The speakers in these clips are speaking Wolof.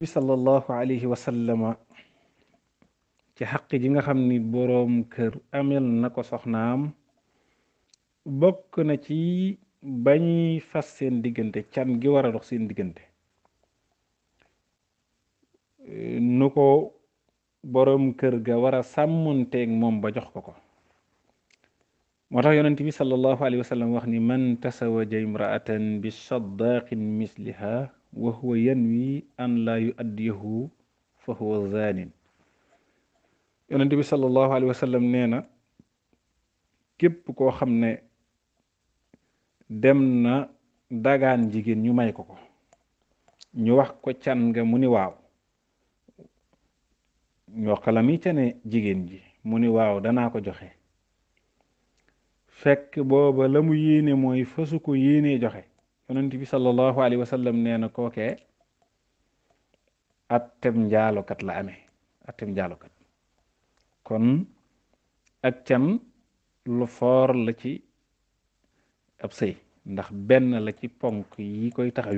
bi sallallahu alayhi wa sallama ci xaq ji nga xam ni boroom kër amel na ko soxnaam bokk na ci bañ fas seen diggante can gi war a dox seen diggante nu ko boroom kër ga war a sàmmonteeg moom ba jox ko ko moo tax yonent bi sallallahu alayhi wa sallam wax ni man tasawaja imraatan bi shaddaqin misliha وهو ينوي أن لا يؤديه فهو زان النبي صلى الله عليه وسلم نينا كيب كو خمني دمنا داغان جيجين ني ماي كوكو ني واخ كو تيانغا موني واو ño xalami ca ne jigéen ji mu ni waaw danaa ko joxe fekk booba la mu yéene mooy fasu ko yéene joxe yonent bi sallallahu alayhi wa sallam nee na kookee attem njaalokat la amee attem njaalokat kon ak can lu foor la ci ab sëy ndax benn la ci ponk yi koy tax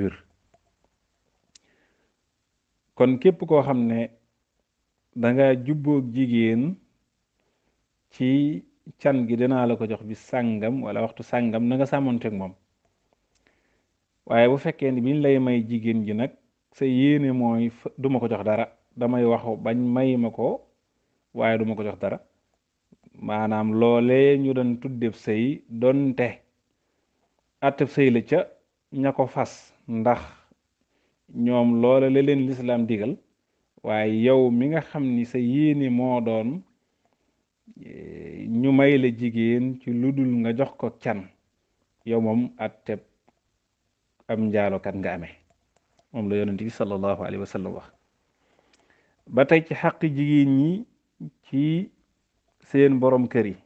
kon képp koo xam ne danga jubboog jigéen ci can gi dinaa la ko jox bi sàngam wala waxtu sàngam nanga nga moom waaye bu fekkee ni biñ lay may jigéen ji nag sa yéene mooy duma ko jox dara damay wax bañ may ma ko waaye duma ko jox dara maanaam loole ñu doon tuddeb sëy donte atteb sëy la ca ña ko fas ndax ñoom loole la leen lislaam digal waaye yow mi nga xam ni sa yéene moo doon eh, ñu may la jigéen ci lu dul nga jox ko can yow moom atteb am njaalokat nga amee moom la yonent bi sallallahu alayhi wa wax ba tey ci xàq jigéen ñi ci seen borom kër yi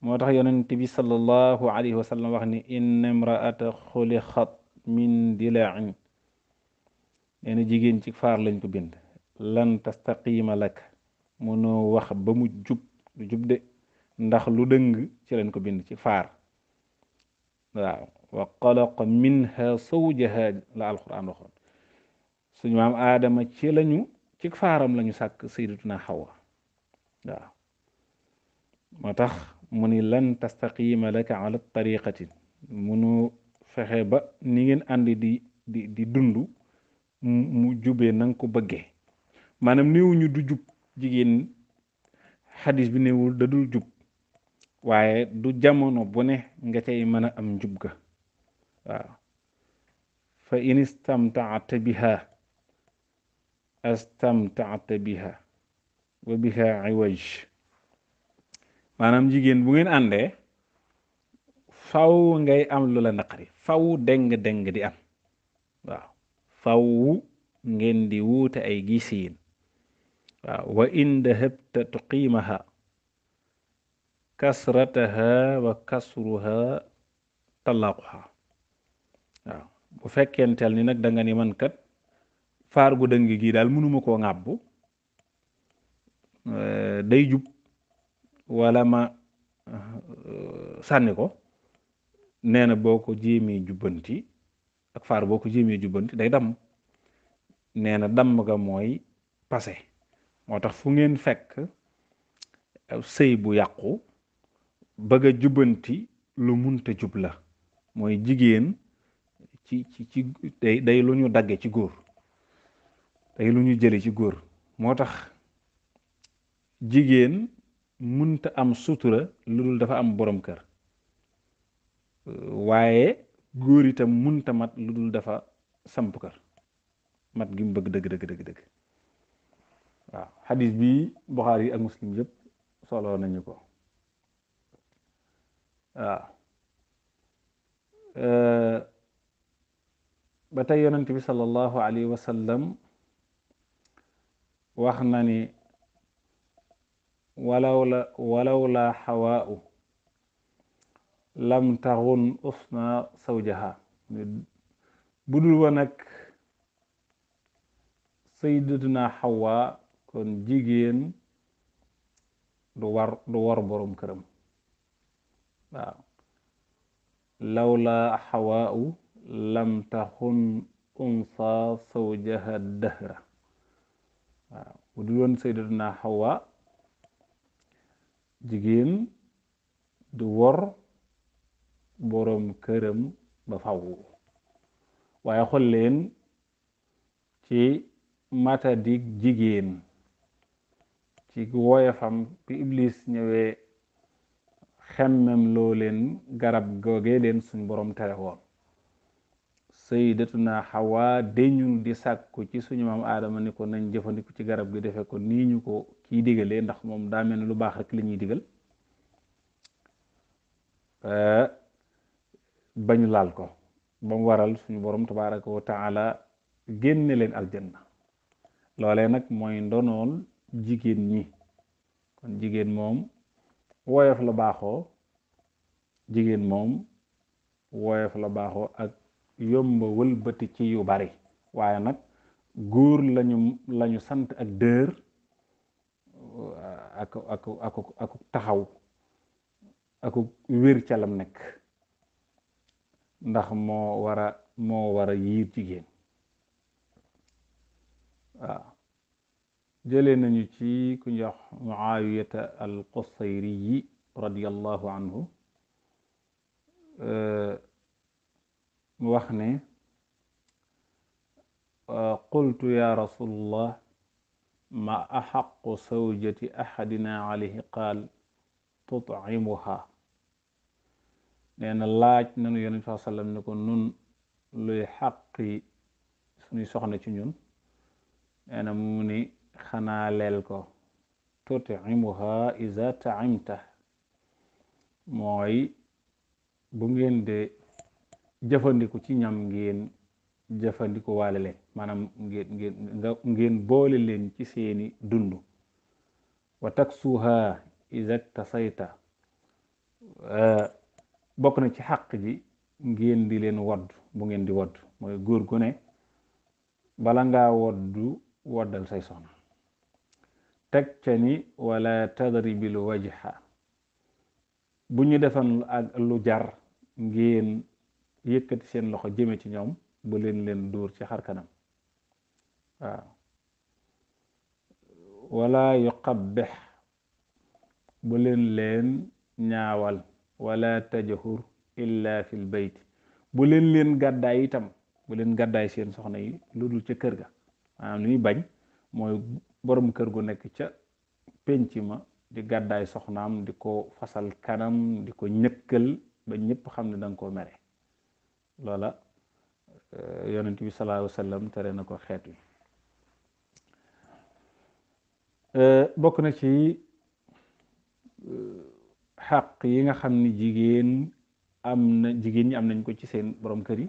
moo tax yonent bi sallallahu alayhi wa wax ni inna imraata xulixat min dila'in nee na jigéen ci faar lañ ko bind lan tastaqima lak mënoo wax ba mu jub jub de ndax lu dang ci lañ ko bind ci faar waaw wa xalaqa minha zawjaha la maam aadama ci lañu ci faaram lañu sàkk sayyidatuna Hawa waaw moo tax mu ni lan tastaqima laka ala tariqatin munu fexe ba ni ngeen ànd di di di dund mu jube na ko bëggee maanaam néewuñu du jub jigéen xadis bi néewul da jub waaye du jamono bu ne nga tey mën a am njub ga waaw fa in istamtaata biha astamtaata biha wa biha iwaj maanaam jigéen bu ngeen àndee faw ngay am lu la faw deng-deng di am faw ngeen di wuute ay gisiin waaw wa in dahabta tuqiimaha kasrataha wa kasruha talaquha bu fekkenteel ni nag danga ni man kat faar gu dëng gii daal mënuma koo ŋàbbu euh, day jub wala ma euh, sànni ko nee na boo ko jéemee jubbanti ak faar boo ko jéemee jubbanti day damm nee na damm ga mooy passé moo tax fu ngeen fekk euh, sëy bu yàqu bëgg a jubbanti lu munta jub la mooy jigéen ci ci ci day day lu ñu dagge ci goor day lu ñu ci goor motax jigen mënta am sutura lu dafa am borom kër wayé goor itam munta mat lu dafa samp kër mat gi mu bëgg dëgg dëgg Hadis bi bukhari ak muslim yëpp solo nañu ko ba tey yonent bi sallallahu alayhi wa sallam wax na ni walaw la xawaau lam taxun usna sawjaha bu dul woon ak sayyidatuna xawa kon jigéen du war du war borom këram waaw lawla xawaau lam taxun unsa sawjaha dahra waaw bu dul woon sayyidatuna Hawa jigéen du wor boroom këram ba faw waaye xool leen ci matadik jigéen ci woyefam bi iblis ñëwee xemmem loo leen garab googee leen suñ borom tere woon naa sayyidatuna Hawa dañu di sàkku ci suñu maam aadama ni ko nañ jëfandiku ci garab gi defe ko nii ñu ko kii digalee ndax moom daa mel ne lu baax rek la ñuy digal eh, bañu laal ko ba waral suñu borom tabaraka wa taala génne leen aljanna loolee nag mooy ndonool jigéen ñi kon jigéen moom woyof la baaxoo jigéen moom woyof la baaxoo ak yomba wëlbati ci yu bari waaye nag góor lañu sant ak dër ak ak ak ak taxaw ak wér ca nekk ndax moo wara moo war yiir jigéen jële nañu ci ku njox muawiyata al qusayri yi radiallahu anhu وحني آه، قلت يا رسول الله ما أحق زوجة أحدنا عليه قال تطعمها لأن الله نن يرن صلى الله عليه وسلم نكون نن لحق سني سخنة تنين أنا مني خنا للكو تطعمها إذا تعمته موي بمجند jëfandiku ci ñam ngeen jëfandiku waale leen maanaam ngeen ngeen nga ngeen boole leen ci seeni dund wa taksuha iza tasayta euh, bokk na ci xàq ji ngeen di leen wodd bu ngeen di wodd mooy góor gu bala nga woddu woddal say soxna teg ni wala tadribil wajha bu ñu defan lu jar ngeen yëkkati seen loxo jëme ci ñoom ba leen leen dóor ci xar kanam waaw wala yuqabbih bu leen leen ñaawal walla tajahur illa fil bayt bu leen leen gàddaay itam bu leen gàddaay seen soxna yi lu dul ca kër ga maanaam li bañ mooy boroom kër gu nekk ca penc ma di gàddaay soxnaam di ko fasal kanam di ko ñëkkal ba ñëpp xam ne danga koo mere loola eh, yonent bi sallallahu alayhi wa tere na ko xeet wi eh, bokk na ci eh, xaq yi nga xam ni jigéen am na jigéen ñi am nañ ko ci seen borom kër yi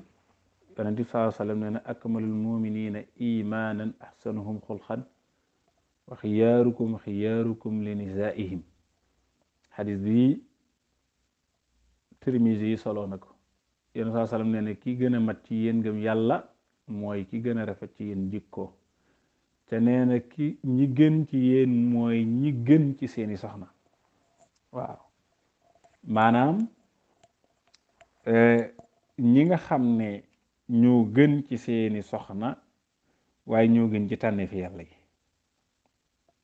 yonent bi sallallahu alayhi wa sallam nee na akmalul muminina imanan ahsanuhum xulqan wa xiyaarukum xiyaarukum li nisaihim xadis bi Tirmisi yi soloo na ko yéen saa salaam nee ne ki gën a mat ci yéen ngëm yàlla mooy ki gën a rafet ci yéen ko te neena ki ñi gën ci yéen mooy ñi gën ci seeni soxna waaw maanaam eh, ñi nga xam ne ñoo gën ci seeni soxna waaye ñoo gën ci tànne fi yàlla yi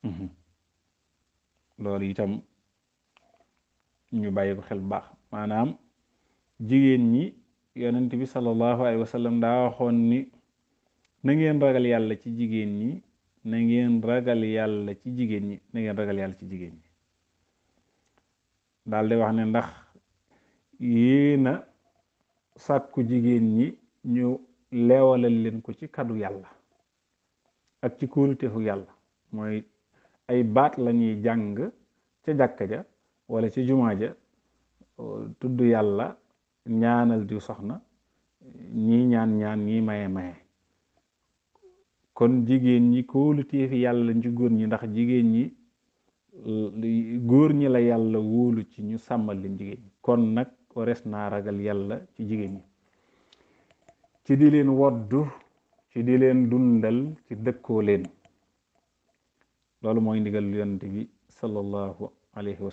mhm. loolu itam ñu bàyyi ko xel baax maanaam jigéen ñi yonent bi sallallahu alayhi wa sallam daa waxoon ni na ngeen ragal yàlla ci jigéen ñi na ngeen ragal yàlla ci jigéen ñi na ragal yàlla ci jigéen ñi wax ne ndax yéena sàkku jigéen ñi ñu leewalal leen ko ci kaddu yàlla ak ci kóoluteefu yàlla mooy ay baat lañuy jàng ca jàkka ja wala ci jumaa ja tudd yàlla ñaanal diw soxna ñii ñaan ñaan ñii maye maye kon jigéen ñi kóoluteef yàlla ci góor ñi ndax jigéen ñi góor ñi la yàlla wóolu ci ñu sàmmal leen jigéen ñi kon nag wares naa ragal yàlla ci jigéen ñi ci di leen woddu ci di leen dundal ci dëkkoo leen loolu mooy ndigal yonent bi sallallahu alayhi wa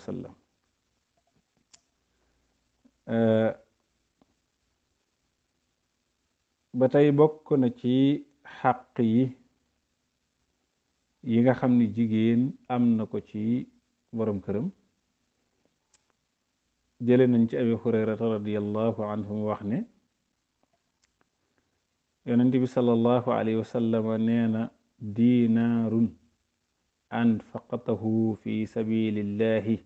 batay bokk na ci xàq yi yi nga xam ni jigéen am na ko ci borom këram jële nañ ci abi hurayrata radiallahu anhu mu wax ne yonent bi salallahu alayhi wasallama nee na diinaarun anfaqatahu fi sabilillahi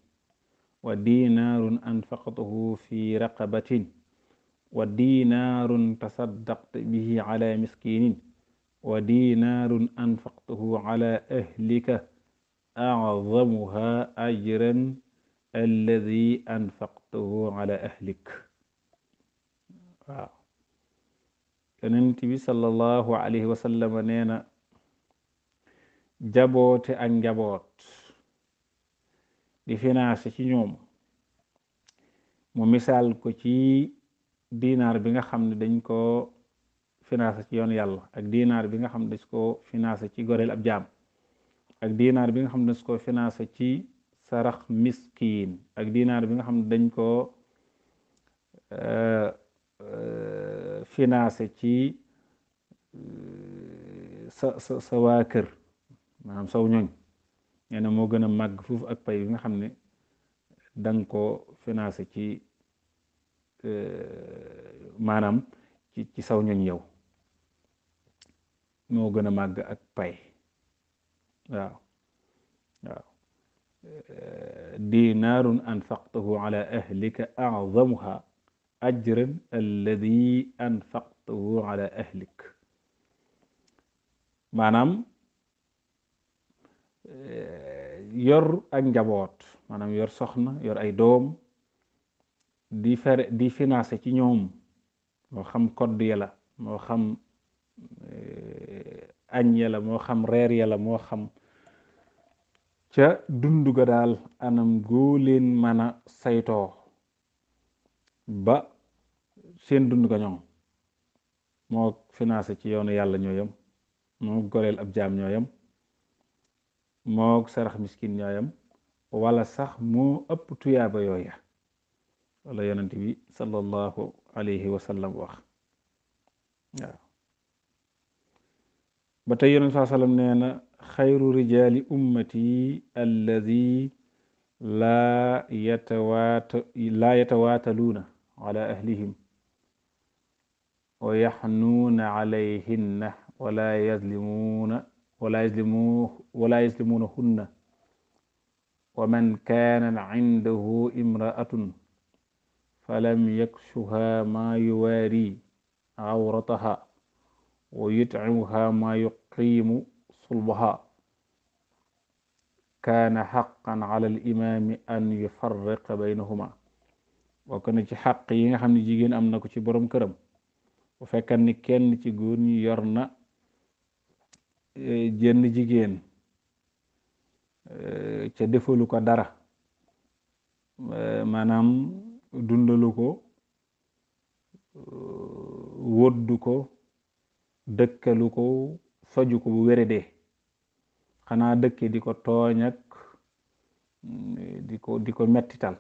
wa diinaarun anfaqatahu fi raqabatin ودينار تصدقت به على مسكين ودينار أنفقته على أهلك أعظمها أجرا الذي أنفقته على أهلك النبي صلى الله عليه وسلم نينا جبوت أن جبوت دفنا سكينوم ومثال كتير dinaar bi nga xam ne dañ koo financé ci yoon yàlla ak dinaar bi nga xam ne dañ koo financé ci goreel ab jaam ak dinaar bi nga xam ne dañ ko financé ci sarax miskiin ak dinaar bi nga xam ne dañ ko euh, finaase ci euh, sa sa waa kër maanaam saw ñooñ nee na moo gën a màgg foofu ak pay bi nga xam ne danga ko financé ci manam ci ci saw ñoñ yow mo gëna mag ak pay waaw waaw dinaarun anfaqtahu ala ahlika azamuha ajran alladi anfaqtahu ala ahlik manam yor ak njabot manam yor soxna yor ay dom di faire di financer ci ñoom mo xam code ya la moo xam ham eh, ya la mo xam reer ya la xam ca ga anam gulin mana saito ba seen dund ga ñoom moo financé ci yoonu yàlla abjam yam mo goreel ab jam ñoo mo miskin ñoo wala sax mo ëpp ba ولا ينتبي صلى الله عليه وسلم واخ باتي يونس صلى الله عليه وسلم خير رجال امتي الذي لا يتوات لا يتواتلون على اهلهم ويحنون عليهن ولا يظلمون ولا يظلمون ولا يظلمونهن ومن كان عنده امراه falam yakshuha ma yuwaari awrataha wa yutcimuha ma yuqiimu sulbaha kaana xaqan ala al imaami an yufarriqa baynahuma bokk na ci xaq yi nga xam ne jigéen am na ko ci borom këram bu fekkan ni kenn ci góor ñi yor na e, jenn jigéen e, ca defalu ko dara e, maanaam dundalu ko euh, woddu ko dëkkalu ko faju ko bu wéradee xanaa dëkke di ko tooñ mm, di ko di ko mettital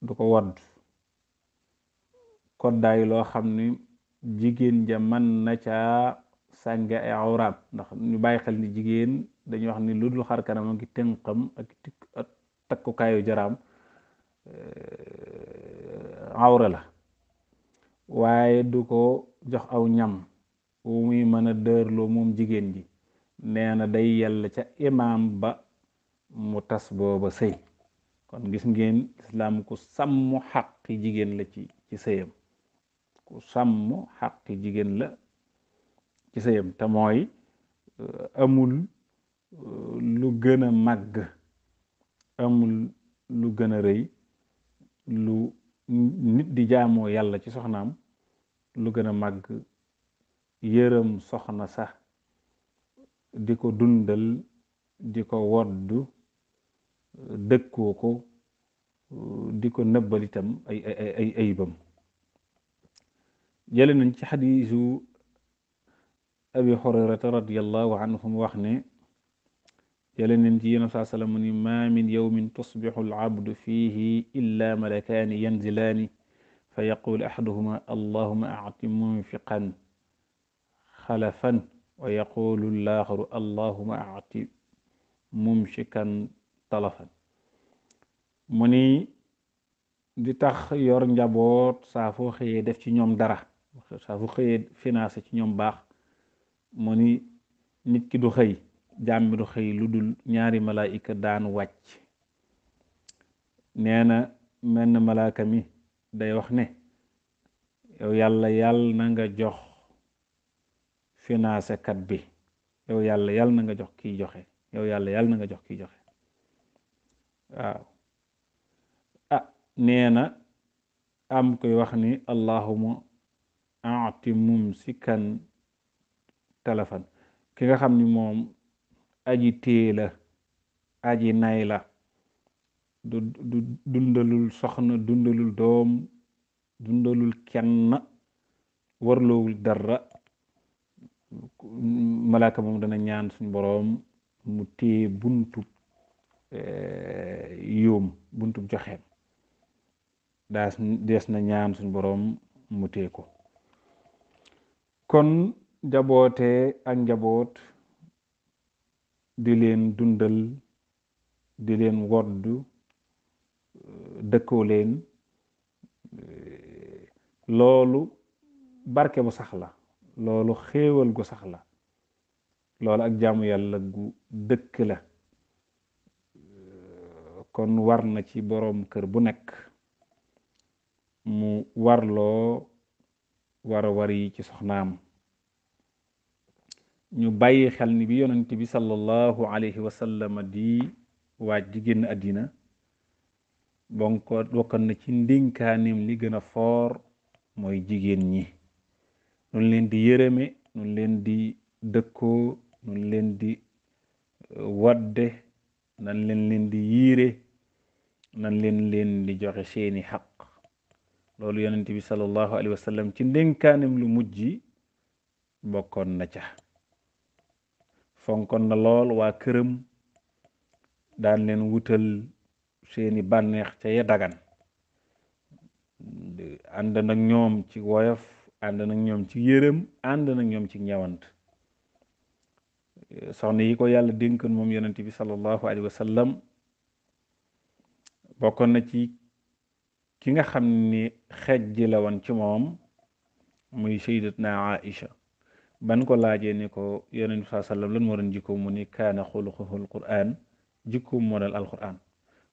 du ko wodd koddaay loo xam ni jigéen ja mën na caa sànge ay awraam ndax ñu bàyyi xel ni jigéen dañuy wax ni lu dul xar kanam ak tënkam ak takku takkukaayu jaraam awra la waaye du ko jox aw ñam wu muy mën a dërloo moom jigéen ji neena day yàlla ca imaam ba mu tas booba sëy kon gis ngeen islaam ku sàmm xaqi jigéen la ci ci sëyam sàmm xaqi jigéen la ci sëyam te mooy euh, amul euh, lu gën a màgg amul lu gën a rëy lu nit di jamoo yàlla ci soxnaam lu gën a màgg yërëm soxna sax di ko dundal di ko wodd dëkkoo ko di ko nëbbal itam ay ayibam jële nañ ci xadiisu abi xurayrata radiallahu anhu mu wax ne يلا ننتي نصا سلمني ما من يوم تصبح العبد فيه إلا ملكان ينزلان فيقول أحدهما اللهم أعط منفقا خلفا ويقول الآخر اللهم أعط ممشكا طلفا مني di tax yor njabot sa fo xeye def ci ñom dara sa fo xeye financer ci ñom bax moni nit ki du xey jamiru xey ludul ñaari malaika daan wàcc nee na menn malaaka mi day wax ne yow yàlla yàlla na nga jox financé kat bi yow yàlla yàlla na nga jox kiy joxe yow yàlla yàlla na nga jox kiy joxe waaw ah nee na am koy wax ni allahuma aati mumsikan telefon ki nga xam ni moom aji téye la aji nay la du du dundalul soxna dundalul doom dundalul kenn warloowul dara malaaka moom dana ñaan suñ boroom mu téye buntub eh, yóom buntub joxeem daas dees na ñaan suñ boroom mu téye ko kon jaboote ak njaboot di leen dundal di leen woddu euh, dëkkoo leen euh, loolu barke bu sax la loolu xéewal gu sax la loolu ak jaamu yàlla gu dëkk la euh, kon war na ci boroom kër bu nekk mu warloo wara war yi ci soxnaam ñu bàyyi xel ni bi yonent bi sallallahu alayhi wa sallam di waaj di génn àddina bon na ci ndénkaanim li gën a foor mooy jigéen ñi nun leen di yërëme nun leen di dëkkoo nun leen di euh, wadde nan leen leen di yiire nan leen leen di joxe seeni xaq loolu yonent bi sallallahu alayhi wa sallam ci ndénkaanim lu mujj bokkoon na ca fonkoon na lool waa këram daan leen wutal seeni bànneex ca ya dagan ànd nag ñoom ci woyof ànd ñoom ci yërëm ànd nag ñoom ci ñawant soxna yi ko yàlla dénkoon moom yonent bi sallallahu alayhi wa sallam bokkoon na ci ki nga xam ni xeej ji ci moom muy sayyidatna Aïcha ban ko laajee ni ko yonent bi saa sallam lan moo doon jikko mu ni kaana xuluquhul quraan jikkoom moo dal alquraan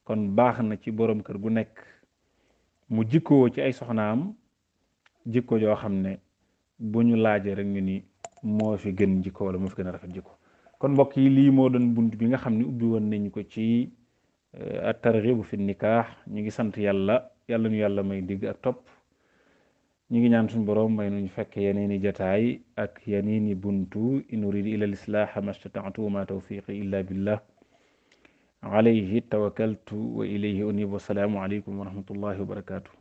kon baax na ci boroom kër gu nekk mu jikkoo ci ay soxnaam jikko joo xam ne bu ñu laajee rek ñu ni moo fi gën jikko wala moo fi gën a rafet jikko kon mbokk yi lii moo doon bunt bi nga xam ne ubbi woon nañu ko ci euh, at targhibu fi nikaax ñu ngi sant yàlla yàlla ñu yàlla may digg ak topp ñu ngi ñaan suñ boroom may nuñ fekk yeneen i jataay ak yeneen i buntu in uridu ila lislaaha mastata'tu wa ma tawfiqi illa billah alayhi tawakkaltu wa ilayhi unib wasalaamu aleykum wa rahmatullahi wa barakatuh